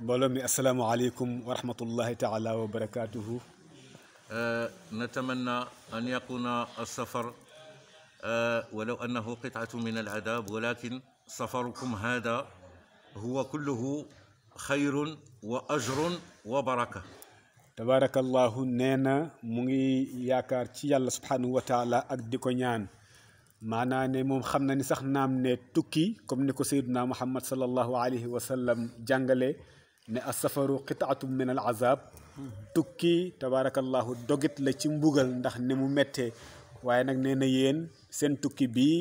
بولومي السلام عليكم ورحمة الله تعالى وبركاته نتمنى أن يكون السفر ولو أنه قطعة من العذاب ولكن سفركم هذا هو كله خير وأجر وبركة تبارك الله نينا مغي ياكار كارتي الله سبحانه وتعالى أكدكو نيان maanaa ne moom xam na ni sax naam ne tukki comme ni ko sayyiduna muhammad sallallahu alayhi wa sallam jàngale ne asafaru qitaatum min al azab tukki tabaarakallahu dogit la ci mbugal ndax ni mu méttee waaye nag nee na yéen seen tukki bii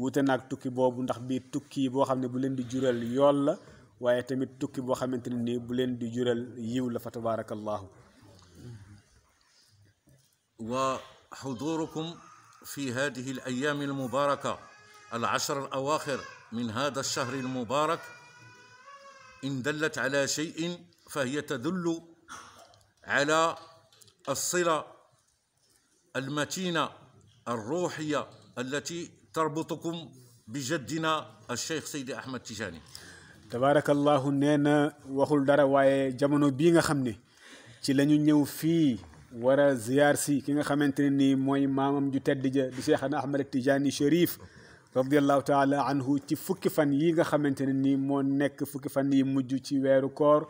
wute naag tukki boobu ndax bii tukki boo xam ne bu leen di jural yool la waaye tamit tukki boo xamante ni bu leen di jural yiw la fa tabaarakallahu wa xudurukum في هذه الايام المباركه العشر الاواخر من هذا الشهر المبارك ان دلت على شيء فهي تدل على الصله المتينه الروحيه التي تربطكم بجدنا الشيخ سيدي احمد تجاني تبارك الله نينا وخل دارا جامونو بيغا خامني ci lañu ñëw wara ziar si ki nga xamante ne nii mooy maamam ju tedd ja di Cheikhna Ahmad Tijaani Chérif radiallahu taala anhu ci fukki fan yi nga xamante ne nii moo nekk fukki fan yi mujj ci weeru koor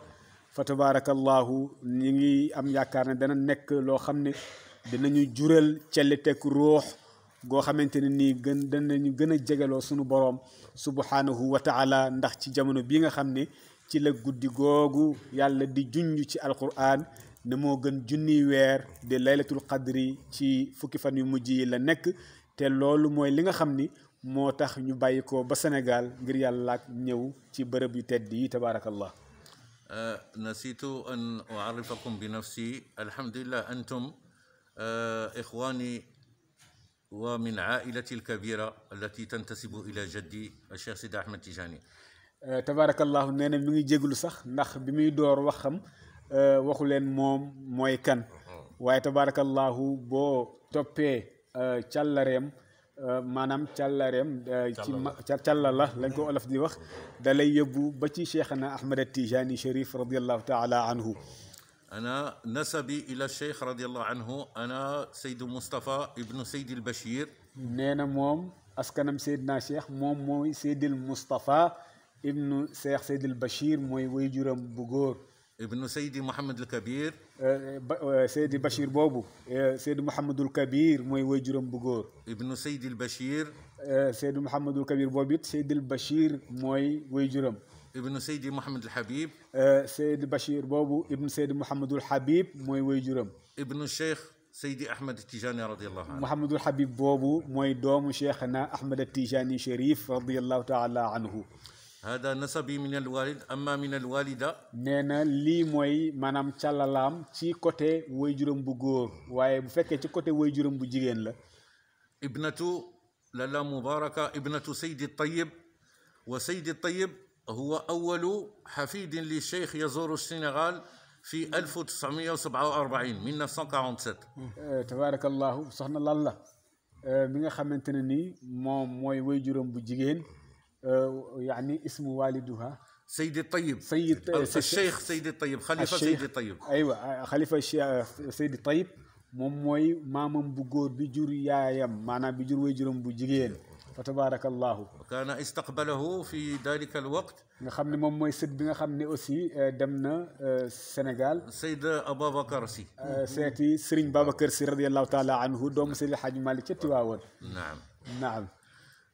fa tabarakallahu ñi ngi am yaakaar ne dana nekk loo xam ne dinañu jural celliteg ruux goo xamante ne nii gën danañu gën a sunu boroom subhanahu wa taala ndax ci jamono bi nga xam ne ci la guddi googu yàlla di junj ci alquran ne moo gën junniy weer de laylatul qadri ci fukki fan yu mujj yi la nekk te loolu mooy li nga xam ni moo tax ñu bàyyi ko ba Sénégal ngir yàlla ak ñëw ci bërëb yu tedd yi tabaarakallah نسيت أن أعرفكم بنفسي الحمد لله أنتم إخواني ومن عائلتي الكبيرة التي تنتسب إلى جدي الشيخ سيد أحمد تيجاني تبارك الله نانا ميغي جيغلو صح ناخ بمي دور وخم waxu leen moom mooy kan waaye tabarakallahu boo toppee càllareem maanaam càllareem ci càlla la lañ ko olof di wax da lay yóbbu ba ci cheikhana ahmad tijani sharif radiallahu taala anhu أنا نسبي إلى الشيخ رضي الله عنه أنا سيد مصطفى ابن سيد البشير نينا موم أسكنم سيدنا شيخ موم موي سيد المصطفى ابن شيخ سيد البشير موي ويجرم بغور ابن سيدي محمد الكبير أه، أه، سيدي بشير بوبو أه، سيدي محمد الكبير موي ويجرم بوغور ابن سيدي البشير سيدي محمد الكبير بوبيت سيدي البشير موي ويجرم ابن سيدي محمد الحبيب سيدي بشير بوبو ابن سيدي محمد الحبيب موي ويجرم ابن الشيخ سيدي احمد التيجاني رضي الله عنه محمد الحبيب بوبو موي دوم شيخنا احمد التيجاني شريف رضي الله تعالى عنه هذا نسبي من الوالد اما من الوالده نانا لي موي مانام تشالالام تي كوتي ويجورم بو غور واي بو فكي تي كوتي ويجورم بو جيجين لا ابنته لالا مباركه ابنه سيد الطيب وسيد الطيب هو اول حفيد للشيخ يزور السنغال في 1947 1947 أه، تبارك الله سبحان الله أه، ميغا خامتيني موم موي ويجورم بو جيجين آه، يعني اسم والدها سيدي الطيب سيد الشيخ سيدي الطيب خليفه سيدي الطيب ايوه خليفه الشيخ سيدي الطيب موم موي مامم بو غور بي جور يايام مانا بي جور ويجرم بو جيجين فتبارك الله كان استقبله في ذلك الوقت nga xamni mom moy seut bi nga xamni aussi euh, dem na senegal seyd ababakar si seyti serigne babakar si radiyallahu ta'ala anhu dom seyd hajj malik ci tiwawon naam نعم. naam نعم.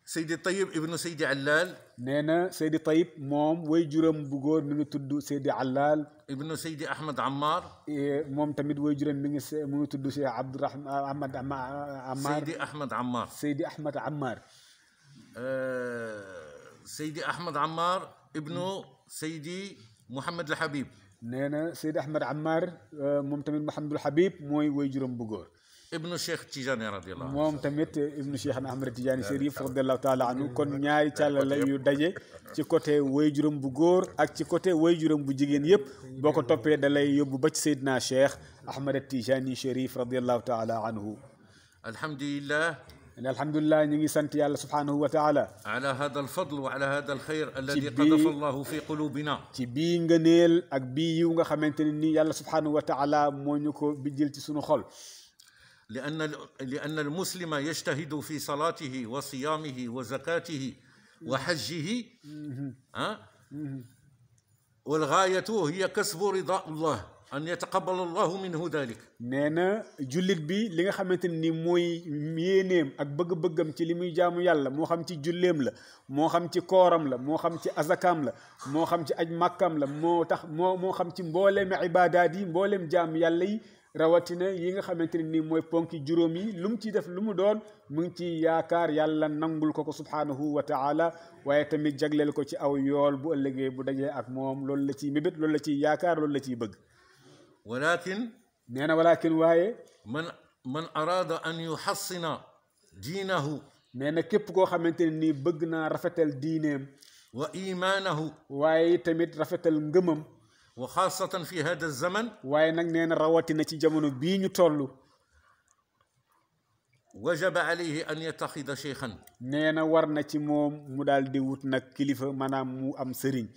سيدي طيب ابن سيدي علال نينا سيدي طيب موم وي جورم بو غور ميغي تود سيدي علال ابن سيدي احمد عمار إيه موم تاميد وي جورم ميغي ميغي تود سي عبد الرحمن احمد عمار سيدي احمد عمار سيدي احمد عمار آه، سيدي احمد عمار ابن سيدي محمد الحبيب نينا سيدي احمد عمار آه، موم تاميد محمد الحبيب موي وي جورم بو غور ابن الشيخ تيجاني رضي الله عنه موم تمت ابن الشيخ احمد تيجاني شريف رضي الله تعالى عنه كون نياري cialal la yu dajé ci côté wayjurum bu goor ak ci côté wayjurum bu jigen yépp boko topé dalay yobbu ba ci sayyidina cheikh ahmed التيجاني شريف رضي الله تعالى عنه الحمد لله إن الحمد لله نيغي سانت يالا سبحانه وتعالى على هذا الفضل وعلى هذا الخير الذي قذف الله في قلوبنا تي بي نغنيل اك بي يوغا خامتيني يالا سبحانه وتعالى مو ñuko bijil ci sunu xol لأن لأن المسلم يجتهد في صلاته وصيامه وزكاته وحجه ها والغاية هي كسب رضا الله أن يتقبل الله منه ذلك نانا جلد بي ليغا خامتاني موي مينيم اك بغ بغم تي ليمي جامو يالا مو خام تي جوليم لا مو خام تي كورام لا مو خام تي ازكام لا مو خام تي اج مكام لا مو تخ مو مو خام تي مبولم عبادات دي مبولم جام يالا rawatine yi nga xamanteni ni moy ponki juromi lum ci def lu doon mu ngi ci yaakar yàlla nangul ko ko subhanahu wa taala waye tamit jaglel ko ci aw yool bu ëllëgee bu dajee ak mom loolu la ci mibit loolu la ci yaakar loolu la ci bëgg walakin neena walakin waye man man arada an yuhassina dinahu neena kep ko xamanteni ni bëgg naa rafetal wa imanahu waye tamit rafetal ngëmam وخاصة في هذا الزمن واي نك نين رواتي نتي جامونو بي ني تولو وجب عليه ان يتخذ شيخا نينا ورنا تي موم مو دال ووت نك كليفا مانام مو ام سيرين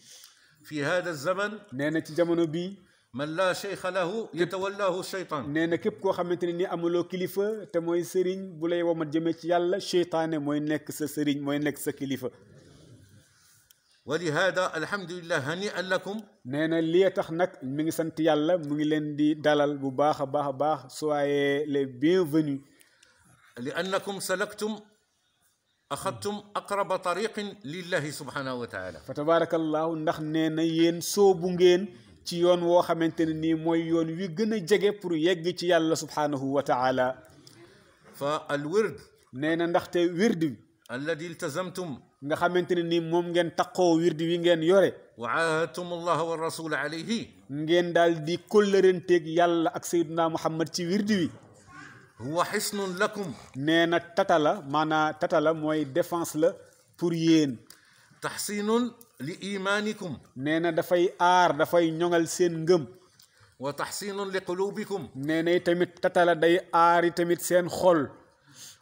في هذا الزمن نينا تي جامونو بي من لا شيخ له يتولاه الشيطان نينا كيب كو خامتيني ني امولو كليفا تا موي سيرين بولاي ومات جيمي يالا شيطان موي نيك سا سيرين موي نيك سا كليفا ولهذا الحمد لله هنيئا لكم نانا لي تخ نك ميغي سانت يالا ميغي لين دي دالال بو باخا باخا باخ سواي لي بينفيني لانكم سلكتم اخذتم اقرب طريق لله سبحانه وتعالى فتبارك الله نخ نانا yeen sobu ngeen ci yoon wo xamanteni ni moy yoon wi gëna jégué pour yegg ci yalla subhanahu wa ta'ala fa al wird neena ndaxte wird الذي التزمتم nga xamanteni ni mom ngeen takko wirdi wi ngeen yore wa'atum Allah wa rasul alayhi ngeen dal di kollerentek yalla ak sayyidina muhammad ci wirdi wi huwa hisnun lakum neena tatala mana tatala moy défense la pour yeen tahsinun li imanikum neena da fay ar da fay ñongal seen ngeum wa tahsinun li qulubikum neena tamit tatala day ar tamit seen xol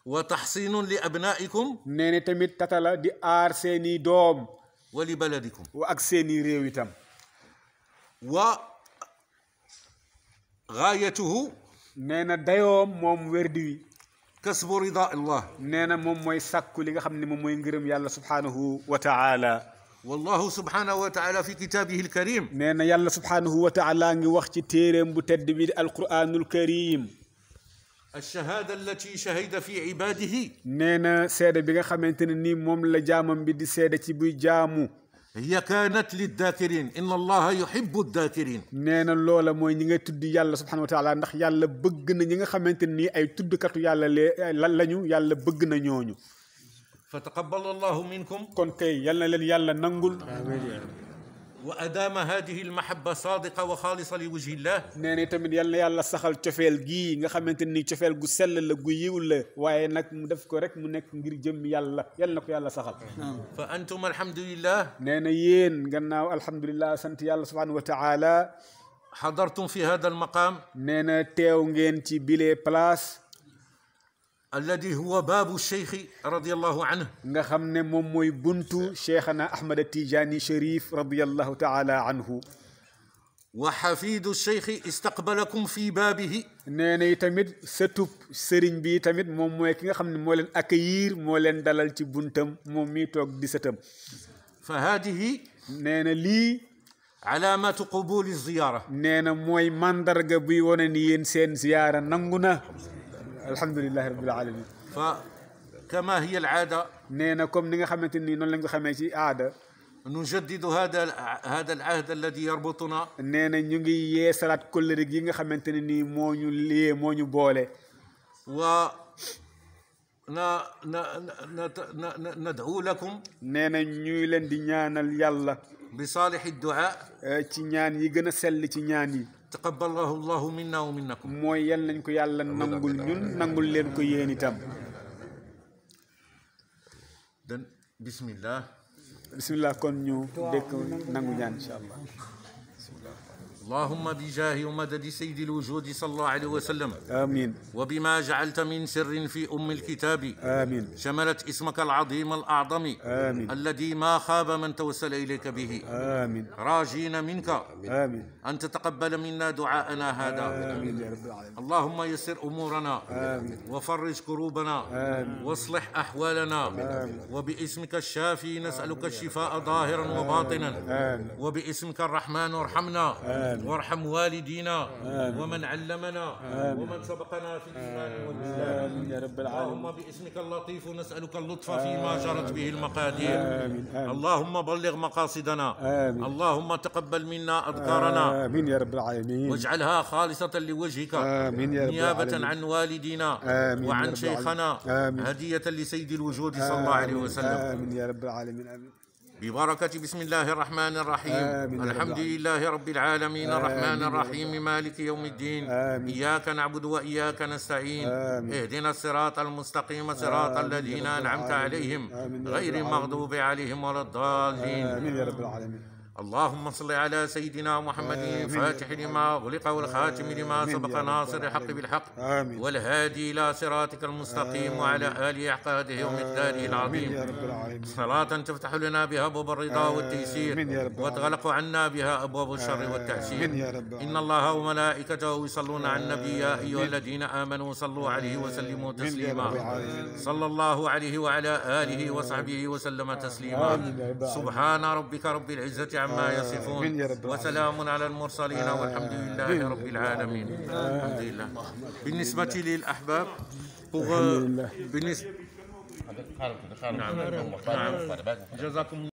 وتحصين لأبنائكم نيني تميت تتلا دي آر سيني دوم ولبلدكم وأك سيني ريويتم و غايته نينا دايوم موم وردوي كسب رضا الله نينا موم موي ساكو ليغا خامني موم موي نغيرم يالله سبحانه وتعالى والله سبحانه وتعالى في كتابه الكريم نينا يالله سبحانه وتعالى نغي واخ تي تيرم بو تد القران الكريم الشهادة التي شهد في عباده نينا سيدة بيغا خامتيني ني موم لا جامم بي دي سيدة تي بوي جامو هي كانت للذاكرين ان الله يحب الذاكرين نينا لولا موي نيغا تود يالا سبحانه وتعالى ناخ يالا بغ نا نيغا خامتيني اي تود كاتو يالا لا نيو يالا بغ نا ñooñu فتقبل الله منكم كون كاي يالا لين يالا نانغول امين وادام هذه المحبه صادقه وخالصه لوجه الله نيني تامن يالنا يالا سخال تيفيل غي غا خامتني تيفيل غو سل لا غو ييول لا ناك مو داف كو ريك مو نيك غير جيم يالا يال نكو يالا سخال فانتم الحمد لله نينا يين غناو الحمد لله سنت يالا سبحانه وتعالى حضرتم في هذا المقام نانا تيو غين تي بيلي بلاص الذي هو باب الشيخ رضي الله عنه نخمن مموي بنتو شيخنا أحمد التيجاني شريف رضي الله تعالى عنه وحفيد الشيخ استقبلكم في بابه نيني تمد ستوب سرين بي تمد مموي كنا خمن مولن أكير مولن دلال تي بنتم توق ديستم فهذه نينا لي علامة قبول الزيارة نينا موي مندرق بيوانا نيين سين زيارة نانغونا الحمد لله رب العالمين فكما هي العادة نينا كوم نيغا خامتيني نون لا خامي عادة نجدد هذا هذا العهد الذي يربطنا نينا نيغي يسالات كل ريك ييغا خامتيني مو ني لي مو ني بولي و نا نا نا نا ندعو لكم نينا نيو لين دي ñaanal yalla بصالح الدعاء ci ñaan yi gëna sell ci taqabbalahu allahu minna wa minnakum mooy yal nañ ko yàlla nangul ñun nangul leen ko yéen itam dan bismillah bismillah kon ñu dëkk nangu ñaan incha allah اللهم بجاه ومدد سيد الوجود صلى الله عليه وسلم آمين وبما جعلت من سر في أم الكتاب آمين شملت اسمك العظيم الأعظم آمين الذي ما خاب من توسل إليك به آمين راجين منك آمين أن تتقبل منا دعاءنا هذا آمين يا رب العالمين اللهم يسر أمورنا آمين وفرج كروبنا آمين واصلح أحوالنا آمين وباسمك الشافي نسألك الشفاء ظاهرا وباطنا آمين وباسمك الرحمن ارحمنا آمين آمين. وارحم والدينا آمين. ومن علمنا آمين. ومن سبقنا في الإيمان والإسلام يا رب العالمين اللهم باسمك اللطيف نسألك اللطف فيما جرت به المقادير آمين. آمين. اللهم بلغ مقاصدنا آمين. اللهم تقبل منا أذكارنا آمين يا رب العالمين واجعلها خالصة لوجهك آمين يا رب نيابة العالمين. عن والدينا آمين وعن شيخنا آمين. هدية لسيد الوجود صلى الله عليه وسلم آمين يا رب العالمين آمين ببركة بسم الله الرحمن الرحيم آمين الحمد لله رب العالمين آمين الرحمن الرحيم مالك يوم الدين آمين إياك نعبد وإياك نستعين آمين اهدنا الصراط المستقيم صراط الذين أنعمت عليهم غير المغضوب عليهم ولا الضالين آمين يا رب العالمين اللهم صل على سيدنا محمد الفاتح لما أغلق والخاتم لما سبق ناصر الحق بالحق آمين والهادي إلى صراطك المستقيم وعلى آله احقاده يوم ومقداره العظيم يا رب العالمين صلاة تفتح لنا بها أبواب الرضا والتيسير وتغلق عنا بها أبواب الشر والتعسير يا رب إن الله وملائكته يصلون على النبي يا أيها الذين آمنوا صلوا عليه وسلموا تسليما صلى الله عليه وعلى آله وصحبه وسلم تسليما سبحان ربك رب العزة عما يصفون وسلام على المرسلين والحمد لله رب العالمين الحمد لله بالنسبة للأحباب euh, بالنسبة نعم نعم جزاكم